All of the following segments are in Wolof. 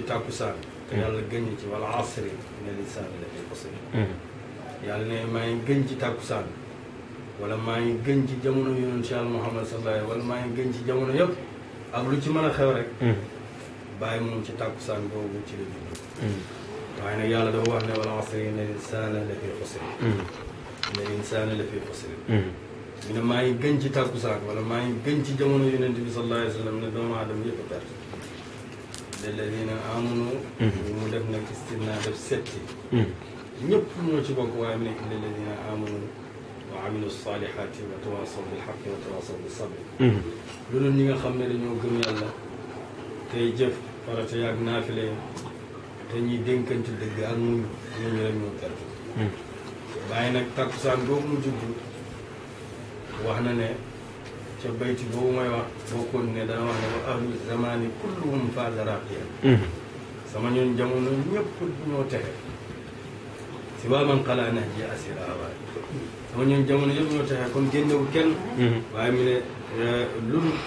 ci tàkkusaan te mm. yàlla gëñ ci wala asri ne lisaani lafii xusri mm. yàlla ne maa ngi gëñ ci tàkkusaan wala maa ngi gëñ ci jamono yonent si yàlla Muhammad sallallahu wala maa ngi gëñ ci jamono yëpp ak lu ci mën a xew rek mm. bàyyi moom ci tàkkusaan boobu ci la judd waaye nag yàlla dafa wax ne wala asri ne lisaana lafii xusri ne lisaana lafii xusri ñu ne maa ngi gëñ ci tàkkusaan wala maa ngi gëñ ci jamono yonent bi sallallahu alayhi wa sallam ne doomu aadama yëpp a lilladiina aamanu mhm. mu def nag istinaa def setti mhm. ñëpp ñoo ci bokk waaye mu nekk lilladiina aamanu wa amilu saalihaati wa tawaasaw bil haqqi wa tawaasaw bis sabri loolu mhm. ñi nga xam ne dañoo gëm yàlla tey jëf farata yaag naafile te ñuy dénkante dëgg ak muñ ñooñu rek ñoo terte mu wax na ca bayti boobu may wax boo ko ne wax ne wa ahlu zamani kulluhum faasa raqiya hmm. sama ñun jamono ñëpp ñoo texe si waa man xalaa nax ji asira sama ñun jamono ñëpp ñoo texe kon génnewu kenn hmm. waaye mu ne e,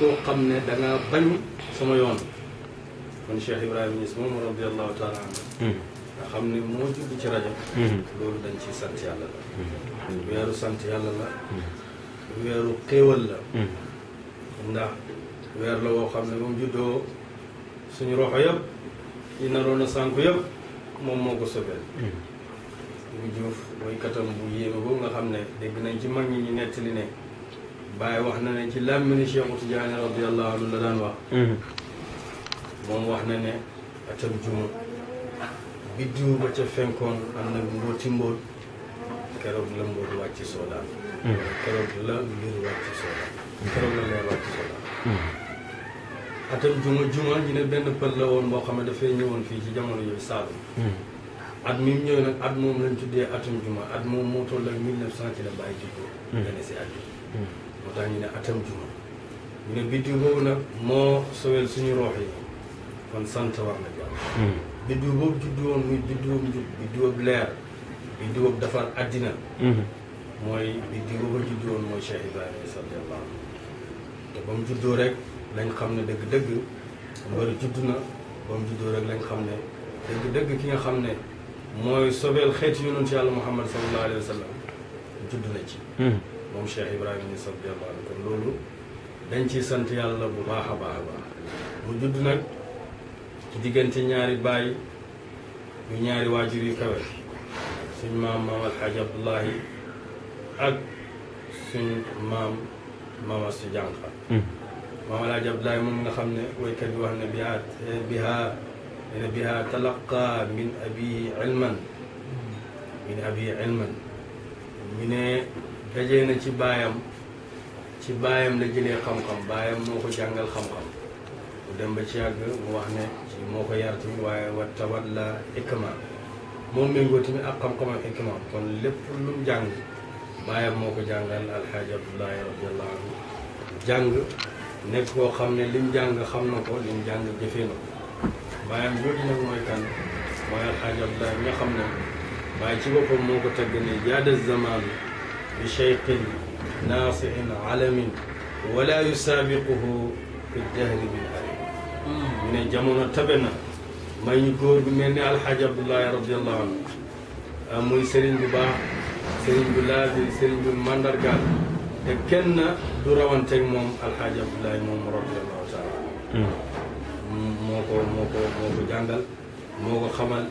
koo xam ne da bañ sama yoon kon Cheikh Ibrahima Niass moom radiallahu taala anhu hmm. nga xam ne moo judd ci rajo loolu dañ ciy sant yàlla la weeru sant yàlla la weeru xéewal la hmm. ndax weer la woo xam ne ba mu juddoo suñu roxo yëpp yi naroon a sànku yëpp moom moo ko sobel hmm. bu Juuf mooy katam bu yéeme boobu nga xam ne dégg nañ ci mag ñi ñu nettali ne bàyyi wax na ne ci làmmini Cheikhu Tijaani radiyallahu anhu la daan wax hmm. moom wax na ne atam juma biddiwu ca fenkoon am na mbóoti mbóot keroog la mbóot wàcc soo daan keroog la ngir wàcc sola keroog la ngay wàcc sola atam juma juma ñu ne benn pël la woon boo xam ne dafay ñëwoon fii ci jamono yooyu Saalum nag moom lañ tuddee atum juma at moom moo toll ak mille neuf ci la bàyyi juddoo gane hmm. si at moo tax ñu ne atam juma ñu ne biddiw boobu nag moo sowel suñu roox yi kon sant war na hmm. biddiw boobu juddu muy biddiwam njub biddiwam leer biddiwam defar addina hmm. mooy biddi ba juddu woon mooy Cheikh Ibrahima Niass radiyallahu anhu ba mu juddoo rek lañ xam ne dëgg-dëgg mbër judd na ba mu juddoo rek lañ xam ne dëgg-dëgg ki nga xam ne mooy sobeel xeet yonent yàlla Muhammad sallallahu alayhi wa sallam judd na ci hmm. moom Ibrahima Niass radiyallahu anhu kon loolu dañ ciy sant yàlla bu baax a baax a baax mu judd nag ci diggante ñaari baay yu ñaari waajur yu kawe suñ maam maam alxaaji Abdullahi ak suñu maam maama si jànqa hmm. maama laaj Abdoulaye moom nga xam ne waykat bi wax ne bihaa bihaa ne bihaa talaqa min abihi ilman min abihi ilman ñu ne dajee na ci baayam ci baayam la jëlee xam-xam baayam moo ko jàngal xam-xam mu dem ba ci yàgg mu wax ne moo ko yar tamit waaye wa tawalla ikma moom méngoo tamit ak xam-xamam ikma kon lépp lu mu jàng baayam moo ko jàngal alxaaji abdullahi radiallahu jàng nekk koo xam ne lim jàng xam na ko lim jàng jëfee na ko baayam mooy kan mooy alxaaji abdullahi nga xam ne waaye ci boppam moo ko tagg ne jaada zamaan bi cheikhin naasihin alamin wala yusaabiquhu fi jahri bil mu ne jamono tabe na may ñu góor mel ni alxaaji abdullahi radiallahu anhu muy bu baax sëriñ bi laal bi sëriñ bi te kenn du rawanteeg moom alxaaji abdoulaye moom radiallahu taala hmm. moo ko moo ko moo ko jàngal moo ko xamal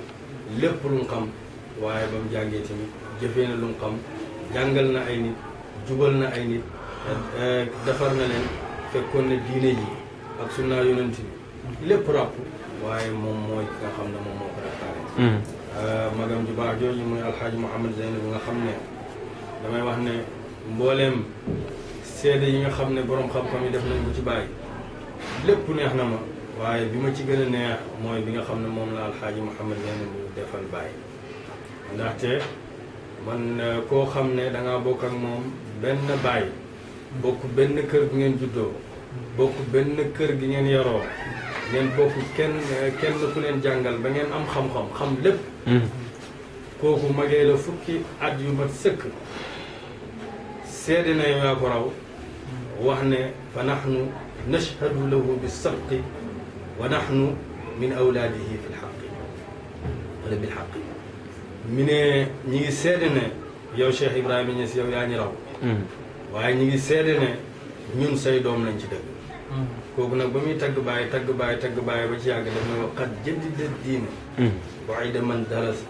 lépp lu mu xam waaye ba mu jàngee tamit jëfee na lu mu xam jàngal na ay nit jubal na ay nit eh, eh, defar na leen fekkoon na diine ji ak su yonent bi lépp ràpp waaye moom mooy ki xam ne moom moo ko rafetlu Euh, magam ju baax jooju muy alxaaji Mouhamed Zeyn bi nga xam ne damay wax ne mbooleem seede yi nga xam ne boroom xam-xam yi def nañ ko ci bàyyi lépp neex na ma waaye bi ma ci gën a neex mooy bi nga xam ne moom la alxaaji Mouhamed Zeyn bi defal bàyyi ndaxte man euh, koo xam ne danga bokk ak moom benn bàyyi bokk benn kër gi ngeen juddoo bokk benn kër gi ngeen yaroo ngeen bokk kenn kenn ku leen jàngal ba ngeen am xam-xam xam lépp hmm. kooku magee la fukki at yu mat sëkk seede na yaa ko raw wax ne fa nahnu nashhadu lahu bilsadqi wa nahnu min awlaadihi fi lxaqi wala bilxaqi ne ñi ngi seede ne yow Cheikh Ibrahima Niass yow yaa ñu raw hmm. waaye ñi ngi seede ne ñun say doom lañ ci dëgg kooku nag ba muy tagg bàyyi tagg bàyyi tagg bàyyi ba ci yàgg daf na wax xat jëddida diina hmm. waayda man daras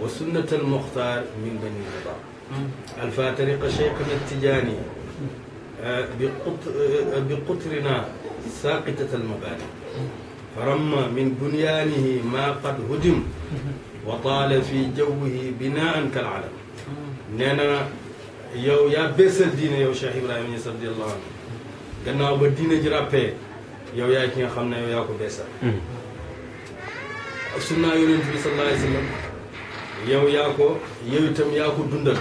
wa sunnat al muxtaar min bani naba hmm. alfa tariqa cheikhna tijaani eh, bi qut eh, bi qutrina saqitat al mabaani hmm. faramma min bunyaanihi maa qad hudim wa taala fi jawwihi binaan kal alam nee na yow yaa beesal diine yow cheikh ibrahima ñas radiallahu anhu gannaaw ba diina ji ràppee yow yaay ki nga xam ne yow yaa ko beesal hmm. sunnaa yonent bi sallallahu alayhi wa sallam yow yaa ko yow itam yaa ko dundal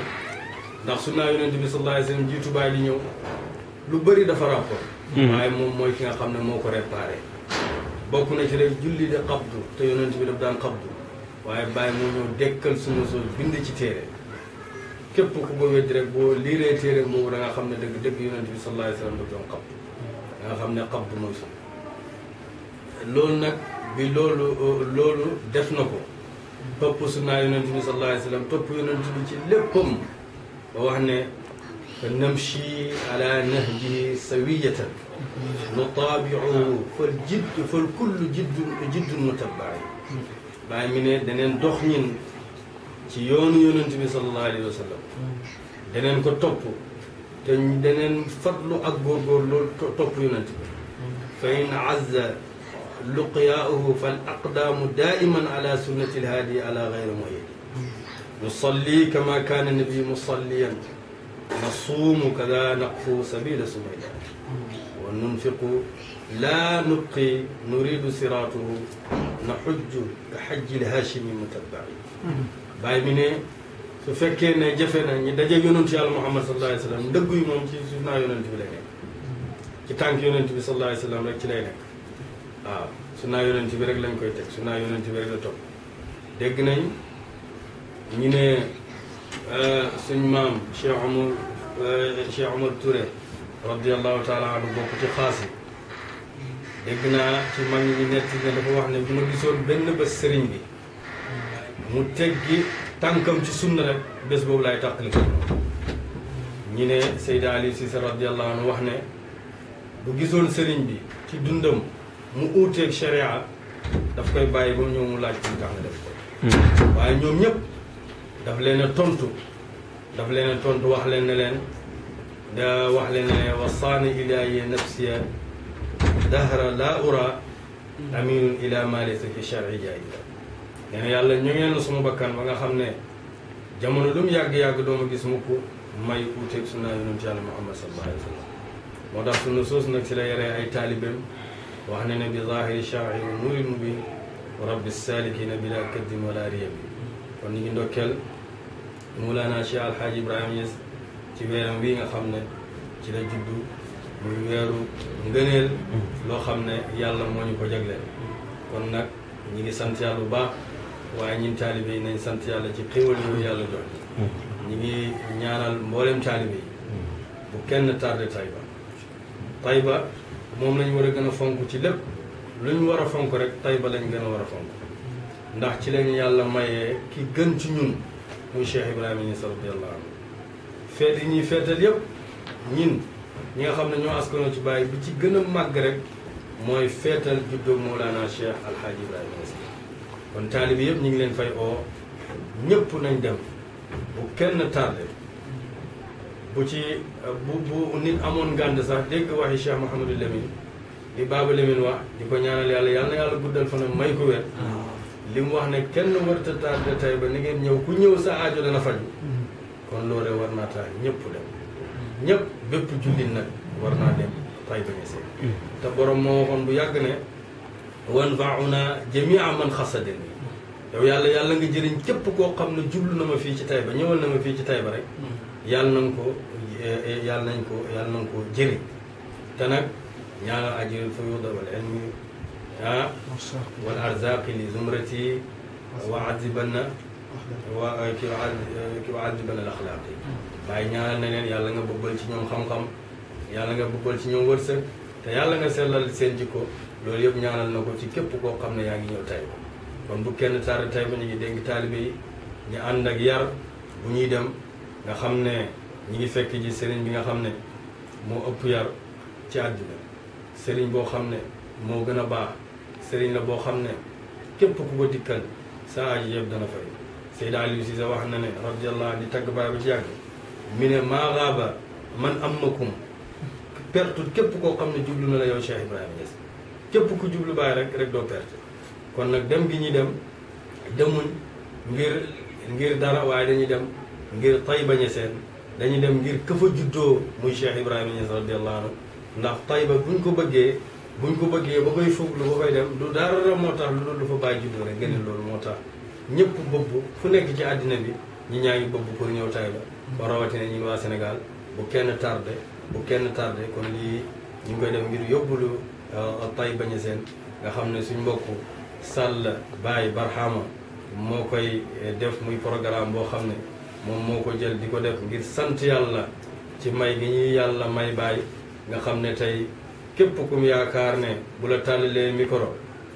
ndax sunnaa yonent bi sallallahu jiitu baay di ñëw lu bëri dafa rapport hmm. waaye moom mooy ki nga xam ne moo ko réparé bokk na ci rek julli de xabdu te yonent bi daf daan xabdu waaye bàyyi moo ñëw dekkal sunu sol bind ci téere képp ku ko wéet rek boo liiree téere boobu da nga xam ne dëgg dëgg yonent bi sallallahu alayhi wa sallam da doon xabtu da nga xam ne xabtu mooy sunna loolu nag bi loolu loolu def na ko topp sunna yonent bi sallallahu alayhi wa sallam topp yonent bi ci léppam ba wax ne fa namshi ala nahjihi sawiyatan nutaabiuhu fal jidd fal kullu jiddun jiddun mutabai bàyyi mi ne daneen dox ñin ci yoonu yonent bi sallallahu alayhi wa sallam daneen ko topp te daneen fatlu ak góorgóor loolu topp yonent bi fa in azza luqyaahu fal aqdaamu daiman ala sunnati lhaadi ala gayri moyid nusalli kama kaana nabi musalliyan nasuumu kada naqfu sabila sumayda wa nunfiqu laa nubqi nuridu siraatuhu naxujju ka xajji lhaashimi mutabbaci bàyyi mi ne su fekkee ne jafe na ñu daje yonent yàlla muhammad sallallahu alayhi wa sallam ndëgg yi moom ci suuf naa yonent bi lay nekk ci tànk yonent bi sallallahu alayhi wa sallam rek ci lay nekk waaw su naa yonent bi rek lañ koy teg su naa yonent bi rek la topp dégg nañ ñu ne euh, suñ maam Cheikh Omar euh, Cheikh Omar Touré radiallahu taala anhu bokk ci xaas yi dégg naa ci mag ñi nett ne dafa wax ne bu ma gisoon benn bés sëriñ bi mu teggi tànkam ci sunna rek bés boobu laay tàqali ko ñi ne Seyda Ali Cissé radiyallahu anhu wax ne bu gisoon sëriñ bi ci dundam mu uuteeg sharia daf koy bàyyi ba mu ñëw mu laaj ko mu def ko hmm. waaye ñoom ñëpp daf leen a tontu daf leen a wax leen ne leen da wax leen ne leen wasaani ilaaye nafsiya dahra la ura aminun ila ma laysa fi shar'i nee na yàlla ñoŋee na suma bakkan ba nga xam ne jamono lu mu yàgg-yàgg dooma gis mukk may uuteeg sunna yonent yàlla muhammad sallallahu sa wa sallam moo tax sunna soos nag ci la yaree ay taalibeem wax ne ne bi zahiri shaari nuuril mubin rabbi salikina bila kaddim wala riyab kon ñu ngi ndokkeel Mawlana Cheikh Alhaji Ibrahima Niass ci weeram wi nga xam ne ci la juddu muy weeru ngëneel mm. loo xam ne yàlla moo ñu ko jagleel kon nag ñi ngi sant bu baax waaye ñun taalibe yi nañ sant yàlla ci xéwal yooyu yàlla jox mm-hmm. ñi ngi ñaanal mboolem taalibe yi mm-hmm. bu kenn tardé Taïba Taïba moom lañ war a gën a fonk ci lépp lu ñu war a fonk rek Taïba lañ gën a war a fonk ndax ci lañu yàlla mayee ki gën ci ñun muy Cheikh Ibrahima Niass radiyallahu anhu feet yi ñuy feetal yépp ñin ñi nga xam ne ñoo askanoo ci bàyyi bi ci gën a màgg rek mooy feetal juddoo Mawlana Cheikh Alhaji Ibrahima Niass kon taalibi yëpp ñu ngi leen fay oo ñëpp nañ dem bu kenn tardé bu ci bu bu nit amoon ngànd sax dégg waxi Cheikh Mouhamadou Lamine li Baaba Lamine wax di ko ñaanal yàlla yàlla yàlla guddal fanam may ko wér li mu wax ne kenn warta tardé tay ba ni ngeen ñëw ku ñëw sa aajo dana faj kon loole war naa tax ñëpp dem ñëpp bépp jullit nag war naa dem tay ba ñesee te borom moo waxoon bu yàgg ne wanfauna jamia man xasadani yow yàlla yàlla nga jëriñ képp koo xam ne jublu na ma fii ci Taïba ñëwal na ma fii ci Taïba rek yàlla na nga ko yàlla nañ ko yàlla na nga ko jëriñ te nag ñaanal ajir fayuda wal ilmi ah wal li zumrati wa adibanna eh, wa ki ki wa adibanna al axlaaqi waaye ñaanal na yàlla nga bëbbal ci ñoom xam-xam yàlla nga bëbbal ci ñoom wërsëg te yàlla nga sellal seen ko loolu yëpp ñaanal na ko ci képp koo xam ne yaa ngi ñëw tay kon bu kenn taari tay ba ñu ngi dénk taalibe yi ñu ànd ak yar bu ñuy dem nga xam ne ñi ngi fekk ji sëriñ bi nga xam ne moo ëpp yar ci àddina sëriñ boo xam ne moo gën a baax sëriñ la boo xam ne képp ku ko dikkal sa aji yëpp dana fay Seydou Aliou Cissé wax na ne radiyallahu di tagg baay ba ci yàgg mi ne maa raaba man am makum perte képp koo xam ne jublu na la yow Cheikh Ibrahima Niass képp ku jublu Baay rek rek doo perte kon nag dem gi ñuy dem demuñ ngir ngir dara waaye dañuy dem ngir Tayba Niassène dañuy dem ngir këfa juddoo muy Cheikh Ibrahima Niass radiyallahu anhu ndax Tayba buñ ko bëggee buñ ko bëggee ba koy fuglu ba koy dem du dara moo tax lu dul lu fa bàyyi juddoo rek nga ne loolu moo tax ñëpp bëbb fu nekk ci àddina bi ñi ñaa ngi bëbb pour ñëw Tayba ba rawatina ñun waa Sénégal bu kenn tardé bu kenn tardé kon lii ñu ngi koy def ngir yóbbulu euh, Taïba Niassène nga xam ne suñ mbokk Sall Baye Barhama moo koy eh, def muy programme boo xam ne moom moo ko jël di ko def ngir sant yàlla ci may gi ñuy yàlla may baay nga xam ne tey képp kum yaakaar ne bu la tàllalee micro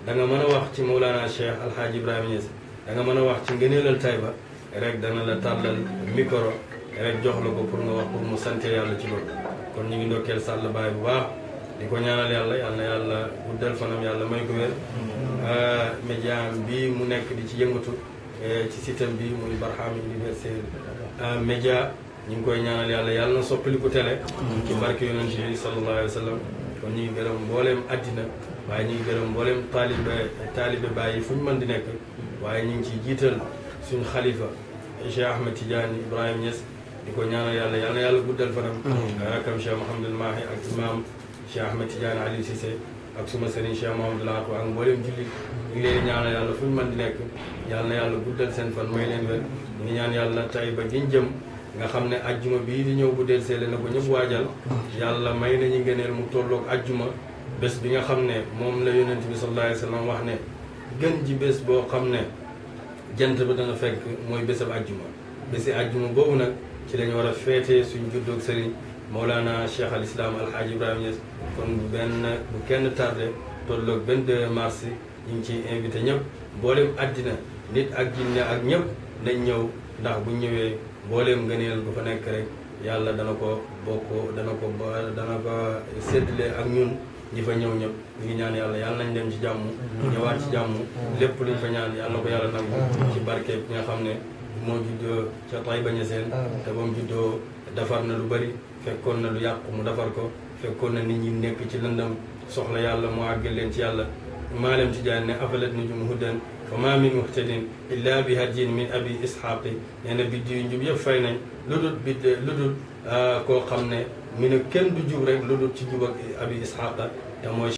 da nga mën a wax ci Mawlana Cheikh Alhaji Ibrahima Niass da nga mën a wax ci ngëneelal Taïba rek dana la tàllal micro rek jox la ko pour nga wax pour mu sant yàlla ci loolu kon ñu ngi ndokkeel Sall Baye bu waa di ko ñaanal yàlla yal na yàlla guddal fanam yàlla may ko wér média bi mu nekk di ci yëngatu e, ci sitam bi muy Barham Universel média ñu ngi koy ñaanal yàlla yàlla na soppaliku télé ci barke yonent bi sallallahu alayhi wa sallam kon ñu ngi gërëm mbooleem àddina waaye ñu ngi gërëm mbooleem taalibe taalibe Baye fu ñu mën di nekk waaye ñu ngi ci jiital suñu xalifa Cheikh Ahmed Tidiane Ibrahima Niass di ko ñaanal yàlla yal na yàlla guddal fanam. rakam Cheikh Mouhamadul Mahi ak imam Cheikh Ahmed Tidiane Aliou Cissé ak suma sëriñ Cheikh Mouhamadul Atou ak mboolem jullit ñu ngi leen yàlla fu ñu mën di nekk yal na yàlla guddal seen fan may leen wér ñu ñaan yàlla tay ba giñ jëm. nga xam ne ajjuma bii di ñëw bu del seele na ko ñëpp waajal yàlla may nañu ngëneel mu tolloog ajjuma bés bi nga xam ne moom la yonent bi sallallahu alayhi wa wax ne gën ji bés boo xam ne jant ba dana fekk mooy bésab ajjuma bési ci lañu war a féetee suñ juddoog sëriñ moolaana Cheikh al Islam Alhaaj Ibrahima kon benn bu kenn tardé tolloog 22 mars ñu ngi ciy invité ñëpp mboolem àddina nit ak jinne ak ñëpp nañ ñëw ndax bu ñëwee mboolem ngëneel bu fa nekk rek yàlla dana ko bokk dana ko dana ko séddale ak ñun. ñi fa ñëw ñëpp ñu ngi ñaan yàlla yàlla nañ dem ci jàmm mm-hmm. ñëwaat ci jàmm mm-hmm. lépp luñ fa ñaan yàlla na ko yàlla nangu mm-hmm. ci barke bi nga xam ne moo juddoo ca Taïba Niassène te ba mu juddoo defar na lu bari fekkoon na lu yàqu mu defar ko fekkoon na nit ñi nekk ci lëndam soxla yàlla mu àgg leen ci yàlla maalam ci jaan ne afalat nujum huddan fa maa min muhtadin illa bi hadyin min abi ishaqi nee na biddi yu njub yëpp fay nañ lu dul biddi lu dul ah, koo xam ne mu ne kenn du jub rek lu dul ci jub ak abi isxaqa te mooy